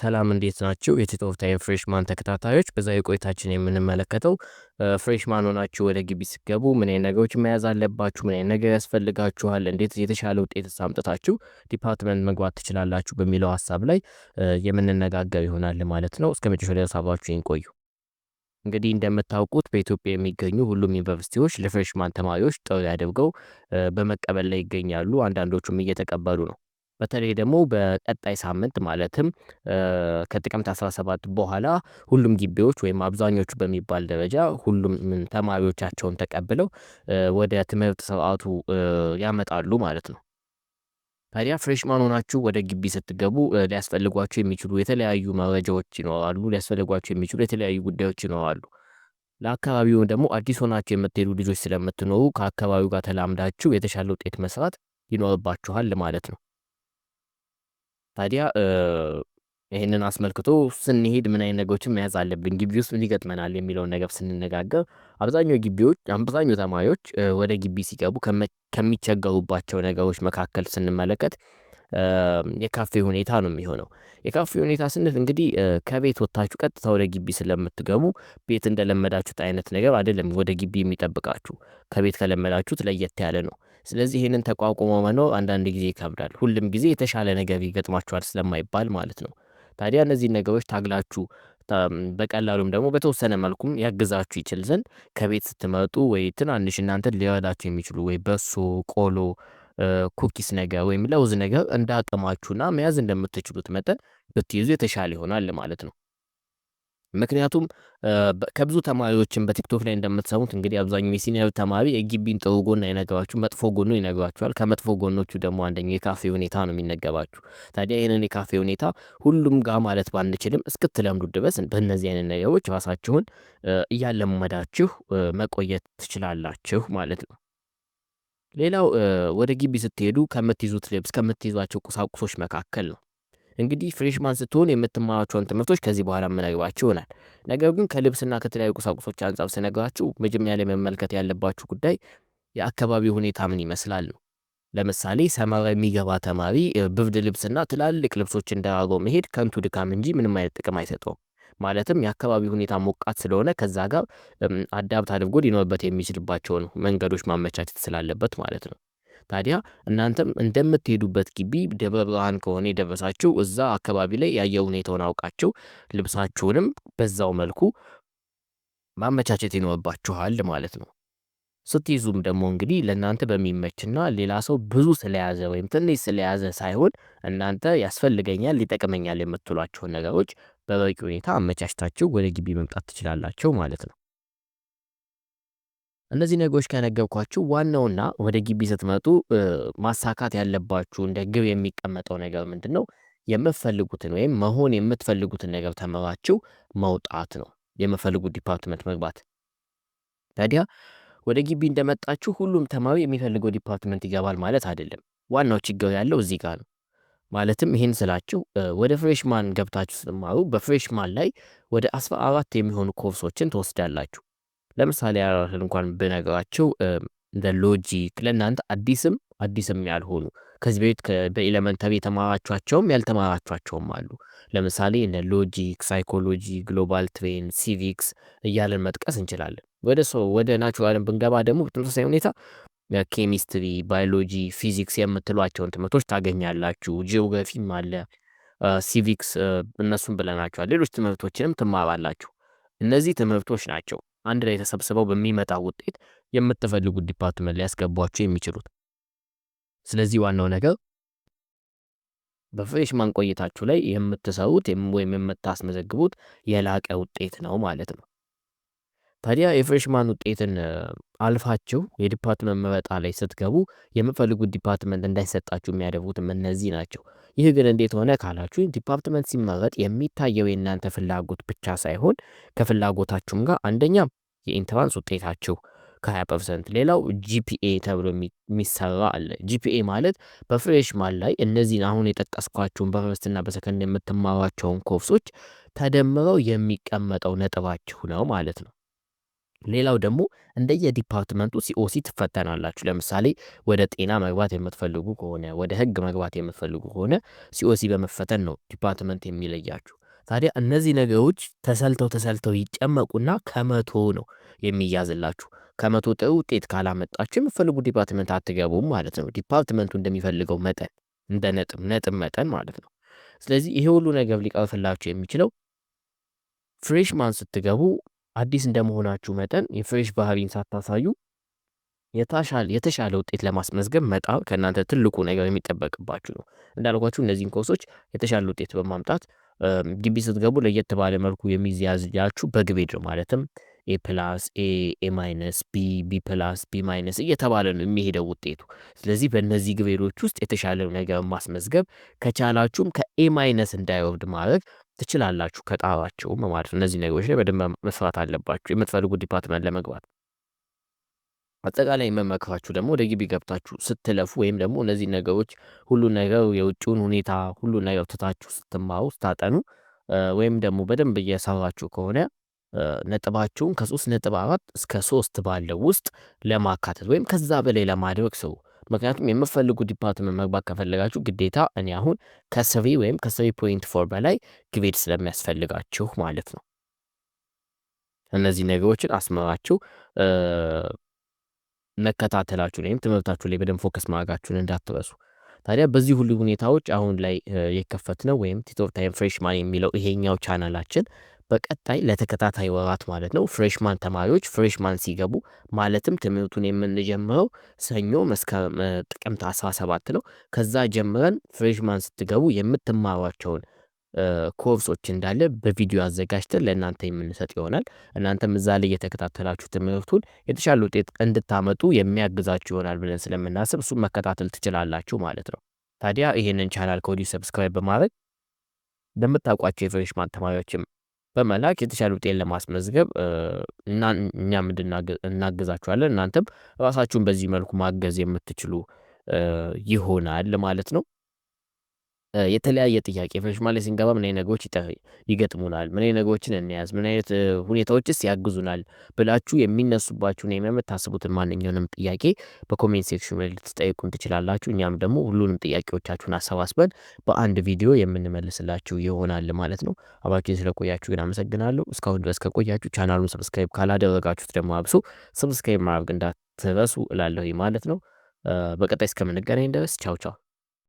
ሰላም እንዴት ናቸው? የቲት ኦፍ ታይም ፍሬሽማን ተከታታዮች በዛሬው ቆይታችን የምንመለከተው ፍሬሽማን ሆናችሁ ወደ ግቢ ስገቡ ምን አይነት ነገሮች መያዝ አለባችሁ፣ ምን አይነት ነገር ያስፈልጋችኋል፣ እንዴት የተሻለ ውጤት አምጥታችሁ ዲፓርትመንት መግባት ትችላላችሁ በሚለው ሀሳብ ላይ የምንነጋገር ይሆናል ማለት ነው። እስከ መጨረሻ ድረስ አብራችሁ ይቆዩ። እንግዲህ እንደምታውቁት በኢትዮጵያ የሚገኙ ሁሉም ዩኒቨርሲቲዎች ለፍሬሽማን ተማሪዎች ጥሪ አድርገው በመቀበል ላይ ይገኛሉ። አንዳንዶቹም እየተቀበሉ ነው። በተለይ ደግሞ በቀጣይ ሳምንት ማለትም ከጥቅምት 17 በኋላ ሁሉም ግቢዎች ወይም አብዛኞቹ በሚባል ደረጃ ሁሉም ተማሪዎቻቸውን ተቀብለው ወደ ትምህርት ስርዓቱ ያመጣሉ ማለት ነው። ታዲያ ፍሬሽማን ሆናችሁ ወደ ግቢ ስትገቡ ሊያስፈልጓችሁ የሚችሉ የተለያዩ መረጃዎች ይኖራሉ። ሊያስፈልጓችሁ የሚችሉ የተለያዩ ጉዳዮች ይኖራሉ። ለአካባቢው ደግሞ አዲስ ሆናችሁ የምትሄዱ ልጆች ስለምትኖሩ ከአካባቢው ጋር ተላምዳችሁ የተሻለ ውጤት መስራት ይኖርባችኋል ማለት ነው። ታዲያ ይህንን አስመልክቶ ስንሄድ ምን አይነት ነገሮችን መያዝ አለብን፣ ግቢ ውስጥ ምን ይገጥመናል የሚለውን ነገር ስንነጋገር አብዛኛው ግቢዎች አብዛኛው ተማሪዎች ወደ ግቢ ሲገቡ ከሚቸገሩባቸው ነገሮች መካከል ስንመለከት የካፌ ሁኔታ ነው የሚሆነው። የካፌ ሁኔታ ስንል እንግዲህ ከቤት ወጥታችሁ ቀጥታ ወደ ግቢ ስለምትገቡ ቤት እንደለመዳችሁት አይነት ነገር አይደለም። ወደ ግቢ የሚጠብቃችሁ ከቤት ከለመዳችሁት ለየት ያለ ነው። ስለዚህ ይህንን ተቋቁሞ መኖር አንዳንድ ጊዜ ይከብዳል። ሁልም ጊዜ የተሻለ ነገር ይገጥማችኋል ስለማይባል ማለት ነው። ታዲያ እነዚህን ነገሮች ታግላችሁ በቀላሉም ደግሞ በተወሰነ መልኩም ያግዛችሁ ይችል ዘንድ ከቤት ስትመጡ ወይ ትናንሽ እናንተን ሊረዳችሁ የሚችሉ ወይ በሶ፣ ቆሎ፣ ኩኪስ ነገር ወይም ለውዝ ነገር እንዳቅማችሁና መያዝ እንደምትችሉት መጠን ብትይዙ የተሻለ ይሆናል ማለት ነው። ምክንያቱም ከብዙ ተማሪዎችን በቲክቶክ ላይ እንደምትሰሙት እንግዲህ አብዛኛው የሲኒየር ተማሪ የግቢን ጥሩ ጎን አይነገባችሁ መጥፎ ጎኑ ይነግራችኋል። ከመጥፎ ጎኖቹ ደግሞ አንደኛው የካፌ ሁኔታ ነው የሚነገራችሁ። ታዲያ ይህንን የካፌ ሁኔታ ሁሉም ጋር ማለት ባንችልም እስክትለምዱ ድረስ በእነዚህ አይነት ነገሮች ራሳችሁን እያለመዳችሁ መቆየት ትችላላችሁ ማለት ነው። ሌላው ወደ ግቢ ስትሄዱ ከምትይዙት ልብስ ከምትይዟቸው ቁሳቁሶች መካከል ነው። እንግዲህ ፍሬሽማን ስትሆን የምትማራቸውን ትምህርቶች ከዚህ በኋላ የምነግራችሁ ይሆናል። ነገር ግን ከልብስና ከተለያዩ ቁሳቁሶች አንጻር ስነግራችሁ መጀመሪያ ላይ መመልከት ያለባችሁ ጉዳይ የአካባቢ ሁኔታ ምን ይመስላል ነው። ለምሳሌ ሰመራ የሚገባ ተማሪ ብርድ ልብስና ትላልቅ ልብሶችን ደራርቦ መሄድ ከንቱ ድካም እንጂ ምንም አይነት ጥቅም አይሰጠውም። ማለትም የአካባቢ ሁኔታ ሞቃት ስለሆነ ከዛ ጋር አዳብት አድርጎ ሊኖርበት የሚችልባቸውን መንገዶች ማመቻቸት ስላለበት ማለት ነው። ታዲያ እናንተም እንደምትሄዱበት ግቢ ደብረ ብርሃን ከሆነ የደረሳችሁ እዛ አካባቢ ላይ የአየር ሁኔታውን አውቃችሁ ልብሳችሁንም በዛው መልኩ ማመቻቸት ይኖርባችኋል ማለት ነው። ስትይዙም ደግሞ እንግዲህ ለእናንተ በሚመችና ሌላ ሰው ብዙ ስለያዘ ወይም ትንሽ ስለያዘ ሳይሆን እናንተ ያስፈልገኛል፣ ሊጠቅመኛል የምትሏቸውን ነገሮች በበቂ ሁኔታ አመቻችታችሁ ወደ ግቢ መምጣት ትችላላቸው ማለት ነው። እነዚህ ነገሮች ከነገብኳችሁ ዋናውና ወደ ግቢ ስትመጡ ማሳካት ያለባችሁ እንደ ግብ የሚቀመጠው ነገር ምንድን ነው? የምትፈልጉትን ወይም መሆን የምትፈልጉትን ነገር ተምራችሁ መውጣት ነው። የምትፈልጉት ዲፓርትመንት መግባት። ታዲያ ወደ ግቢ እንደመጣችሁ ሁሉም ተማሪ የሚፈልገው ዲፓርትመንት ይገባል ማለት አይደለም። ዋናው ችግር ያለው እዚህ ጋር ነው። ማለትም ይህን ስላችሁ ወደ ፍሬሽማን ገብታችሁ ስትማሩ በፍሬሽማን ላይ ወደ አስራ አራት የሚሆኑ ኮርሶችን ትወስዳላችሁ። ለምሳሌ ያራህል እንኳን ብነግራችሁ እንደ ሎጂክ ለእናንተ አዲስም አዲስም ያልሆኑ ከዚህ በፊት በኤሌመንተሪ የተማራችኋቸውም ያልተማራችኋቸውም አሉ። ለምሳሌ እንደ ሎጂክ፣ ሳይኮሎጂ፣ ግሎባል ትሬን፣ ሲቪክስ እያለን መጥቀስ እንችላለን። ወደ ሰው ወደ ናቹራልን ብንገባ ደግሞ በተመሳሳይ ሁኔታ ኬሚስትሪ፣ ባዮሎጂ፣ ፊዚክስ የምትሏቸውን ትምህርቶች ታገኛላችሁ። ጂኦግራፊም አለ፣ ሲቪክስ እነሱም ብለናቸዋል። ሌሎች ትምህርቶችንም ትማራላችሁ። እነዚህ ትምህርቶች ናቸው አንድ ላይ ተሰብስበው በሚመጣ ውጤት የምትፈልጉት ዲፓርትመንት ሊያስገቧቸው የሚችሉት። ስለዚህ ዋናው ነገር በፍሬሽማን ቆይታችሁ ላይ የምትሰሩት ወይም የምታስመዘግቡት የላቀ ውጤት ነው ማለት ነው። ታዲያ የፍሬሽማን ውጤትን አልፋችሁ የዲፓርትመንት መረጣ ላይ ስትገቡ የምፈልጉት ዲፓርትመንት እንዳይሰጣችሁ የሚያደርጉትም እነዚህ ናቸው። ይህ ግን እንዴት ሆነ ካላችሁ ዲፓርትመንት ሲመረጥ የሚታየው የእናንተ ፍላጎት ብቻ ሳይሆን ከፍላጎታችሁም ጋር አንደኛ የኢንትራንስ ውጤታችሁ ከ20 ፐርሰንት፣ ሌላው ጂፒኤ ተብሎ የሚሰራ አለ። ጂፒኤ ማለት በፍሬሽማን ላይ እነዚህን አሁን የጠቀስኳቸውን በፈርስትና በሰከንድ የምትማሯቸውን ኮርሶች ተደምረው የሚቀመጠው ነጥባችሁ ነው ማለት ነው። ሌላው ደግሞ እንደየዲፓርትመንቱ ሲኦሲ ትፈተናላችሁ። ለምሳሌ ወደ ጤና መግባት የምትፈልጉ ከሆነ ወደ ህግ መግባት የምትፈልጉ ከሆነ ሲኦሲ በመፈተን ነው ዲፓርትመንት የሚለያችሁ። ታዲያ እነዚህ ነገሮች ተሰልተው ተሰልተው ይጨመቁና ከመቶ ነው የሚያዝላችሁ። ከመቶ ጥሩ ውጤት ካላመጣችሁ የምትፈልጉ ዲፓርትመንት አትገቡም ማለት ነው። ዲፓርትመንቱ እንደሚፈልገው መጠን እንደ ነጥብ ነጥብ መጠን ማለት ነው። ስለዚህ ይሄ ሁሉ ነገር ሊቀርፍላችሁ የሚችለው ፍሬሽማን ስትገቡ አዲስ እንደመሆናችሁ መጠን የፍሬሽ ባህሪን ሳታሳዩ የተሻለ ውጤት ለማስመዝገብ መጣር ከእናንተ ትልቁ ነገር የሚጠበቅባችሁ ነው። እንዳልኳችሁ እነዚህን ኮርሶች የተሻለ ውጤት በማምጣት ግቢ ስትገቡ ለየት ባለ መልኩ የሚያዝያችሁ በግቤድ ነው። ማለትም ኤ ፕላስ ኤ ኤ ማይነስ ቢ ቢ ፕላስ ቢ ማይነስ እየተባለ ነው የሚሄደው ውጤቱ። ስለዚህ በእነዚህ ግቤዶች ውስጥ የተሻለ ነገር ማስመዝገብ ከቻላችሁም ከኤ ማይነስ እንዳይወርድ ማድረግ ትችላላችሁ ከጣራቸውም ማለት ነው። እነዚህ ነገሮች ላይ በደንብ መስራት አለባችሁ የምትፈልጉ ዲፓርትመንት ለመግባት። አጠቃላይ የመመክራችሁ ደግሞ ወደ ግቢ ገብታችሁ ስትለፉ ወይም ደግሞ እነዚህ ነገሮች ሁሉ ነገር የውጭውን ሁኔታ ሁሉ ነገር ትታችሁ ስትማሩ ስታጠኑ ወይም ደግሞ በደንብ እየሰራችሁ ከሆነ ነጥባችሁን ከሶስት ነጥብ አራት እስከ ሶስት ባለው ውስጥ ለማካተት ወይም ከዛ በላይ ለማድረግ ሰው ምክንያቱም የምፈልጉ ዲፓርትመንት መግባት ከፈለጋችሁ ግዴታ እኔ አሁን ከስሪ ወይም ከስሪ ፖይንት ፎር በላይ ግቤድ ስለሚያስፈልጋችሁ ማለት ነው። እነዚህ ነገሮችን አስመራችሁ መከታተላችሁን ወይም ትምህርታችሁ ላይ በደንብ ፎከስ ማድረጋችሁን እንዳትረሱ። ታዲያ በዚህ ሁሉ ሁኔታዎች አሁን ላይ የከፈትነው ወይም ቲቶር ታይም ፍሬሽማን የሚለው ይሄኛው ቻናላችን በቀጣይ ለተከታታይ ወራት ማለት ነው ፍሬሽማን ተማሪዎች ፍሬሽማን ሲገቡ ማለትም ትምህርቱን የምንጀምረው ሰኞ መስከረም ጥቅምት 17 ነው። ከዛ ጀምረን ፍሬሽማን ስትገቡ የምትማሯቸውን ኮርሶች እንዳለ በቪዲዮ አዘጋጅተን ለእናንተ የምንሰጥ ይሆናል። እናንተም እዛ ላይ የተከታተላችሁ ትምህርቱን የተሻለ ውጤት እንድታመጡ የሚያግዛችሁ ይሆናል ብለን ስለምናስብ እሱም መከታተል ትችላላችሁ ማለት ነው። ታዲያ ይህንን ቻናል ከወዲሁ ሰብስክራይብ በማድረግ ለምታውቋቸው የፍሬሽማን ተማሪዎችም በመላክ የተሻለ ውጤት ለማስመዝገብ እና እኛም እናግዛችኋለን እናንተም ራሳችሁን በዚህ መልኩ ማገዝ የምትችሉ ይሆናል ማለት ነው። የተለያየ ጥያቄ ፌሽማል ላይ ስንገባ ምን አይነት ነገሮች ይገጥሙናል፣ ምን አይነት ነገሮችን እንያዝ፣ ምን አይነት ሁኔታዎችስ ያግዙናል ብላችሁ የሚነሱባችሁን የምታስቡትን ማንኛውንም ጥያቄ በኮሜንት ሴክሽን ላይ ልትጠይቁን ትችላላችሁ። እኛም ደግሞ ሁሉንም ጥያቄዎቻችሁን አሰባስበን በአንድ ቪዲዮ የምንመልስላችሁ ይሆናል ማለት ነው። አባኪ ስለቆያችሁ ግን አመሰግናለሁ። እስካሁን ድረስ ከቆያችሁ ቻናሉን ሰብስክራይብ ካላደረጋችሁት ደግሞ አብሶ ሰብስክራይብ ማድረግ እንዳትረሱ እላለሁ ማለት ነው። በቀጣይ እስከምንገናኝ ድረስ ቻው ቻው።